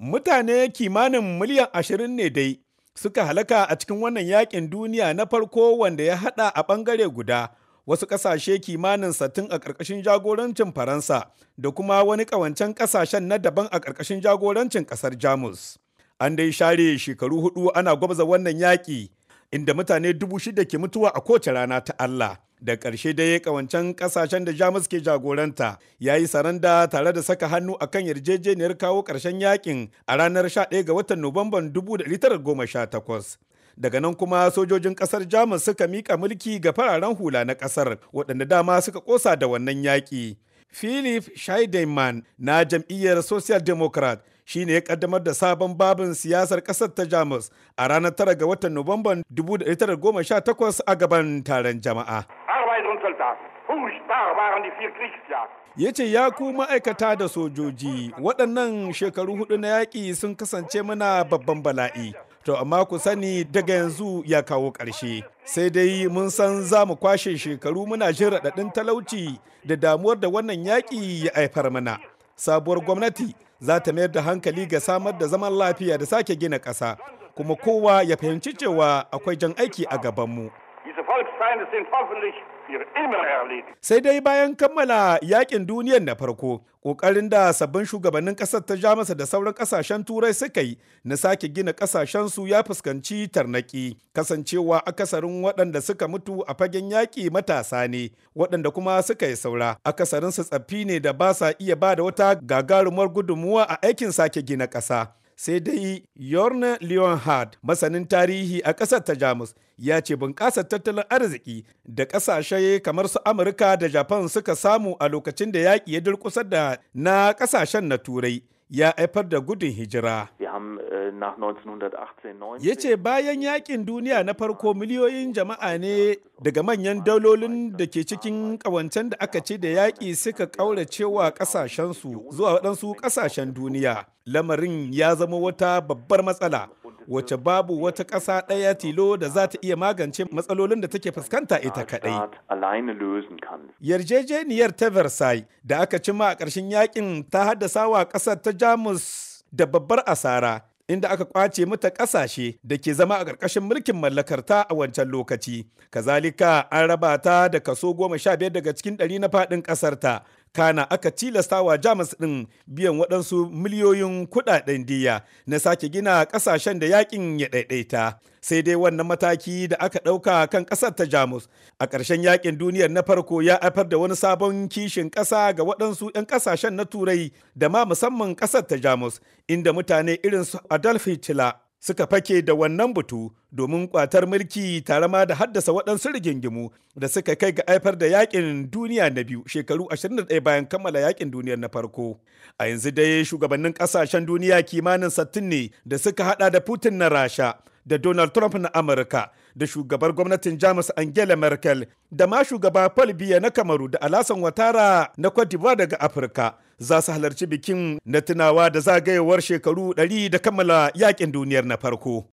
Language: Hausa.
Mutane kimanin miliyan ashirin ne dai suka halaka a cikin wannan yakin duniya na farko wanda ya hada a bangare guda wasu kasashe kimanin satin a ƙarƙashin jagorancin Faransa da kuma wani ƙawancen ƙasashen na daban a ƙarƙashin jagorancin ƙasar Jamus. An dai share shekaru hudu ana gwabza wannan yaƙi inda mutane dubu shida ke mutuwa a kowace rana ta Allah. da ƙarshe dai ƙawancen ƙasashen da jamus ke jagoranta ya yi saranda tare da saka hannu a kan yarjejeniyar kawo ƙarshen yakin a ranar 11 ga watan nuwamban 1918 daga nan kuma sojojin ƙasar jamus suka mika mulki ga fararen hula na ƙasar waɗanda dama suka ƙosa da wannan yaƙi philip scheidemann na jam'iyyar social democrat shi ne ya ƙaddamar da sabon babin siyasar ƙasar ta jamus a ranar 9 ga watan nuwamban 1918 a gaban taron jama'a Consulta. Furchtbar waren die vier Kriegsjahre. Ya ce ya ku ma'aikata da sojoji waɗannan shekaru hudu na yaƙi sun kasance mana babban bala'i. To amma ku sani daga yanzu ya kawo ƙarshe. Sai dai mun san za mu kwashe shekaru muna jin raɗaɗin talauci da damuwar da wannan yaƙi ya aifar mana. Sabuwar gwamnati za ta mayar da hankali ga samar da zaman lafiya da sake gina ƙasa, kuma kowa ya fahimci cewa akwai jan aiki a gabanmu. Volksfeinde sind hoffentlich für immer erledigt. Sai dai bayan kammala yakin duniyar na farko, ƙoƙarin da sabbin shugabannin ƙasar ta Jamus da sauran ƙasashen Turai suka yi na sake gina su ya fuskanci tarnaki, kasancewa akasarin waɗanda suka mutu a fagen yaƙi matasa ne, waɗanda kuma suka yi saura. Akasarin su tsaffi ne da ba sa iya ba da wata gagarumar gudunmuwa a aikin sake gina ƙasa. sai dai Yorn Leonhard masanin tarihi a ƙasar ta Jamus ya ce bunƙasar tattalin arziki da ƙasashe kamar su Amurka da Japan suka samu a lokacin da yaƙi ya durƙusar da na ƙasashen na Turai ya haifar da gudun hijira. nach Ya ce bayan yakin duniya na farko miliyoyin jama'a ne daga manyan daulolin da ke cikin ƙawancen da aka ce da yaƙi suka ƙauracewa ƙasashensu zuwa waɗansu ƙasashen duniya. Lamarin ya zama wata babbar matsala. wacce babu wata ƙasa ɗaya tilo da za ta iya magance matsalolin da take fuskanta ita kaɗai. Yarjejeniyar ta Versailles da aka cima a ƙarshen yakin ta haddasa wa ƙasar ta Jamus da babbar asara inda aka kwace mata ƙasashe da ke zama a ƙarƙashin mulkin mallakarta a wancan lokaci. Kazalika an raba ta da kaso goma sha biyar daga cikin ɗari na faɗin ƙasarta kana aka tilasta wa jamus ɗin biyan waɗansu miliyoyin kuɗaɗen diya na sake gina ƙasashen da yakin ya ɗaiɗaita sai dai wannan mataki da aka ɗauka kan ƙasar ta jamus a ƙarshen yakin duniyar na farko ya haifar da wani sabon kishin ƙasa ga waɗansu 'yan ƙasashen na turai da ma musamman ƙasar ta jamus inda mutane irin su adolf hitler suka fake da wannan butu domin kwatar mulki tare ma da haddasa waɗansu rigingimu da suka kai ga aifar da yakin duniya na biyu shekaru 21 bayan kammala yakin duniya na farko a yanzu dai shugabannin ƙasashen duniya kimanin sattin ne da suka hada da putin na rasha da Donald Trump na Amurka da shugabar gwamnatin Jamus Angela Merkel da ma shugaba Paul Biya na Kamaru da Alasan Watara na Cote daga Afirka za su halarci bikin na tunawa da zagayowar shekaru 100 da kammala yakin duniyar na farko.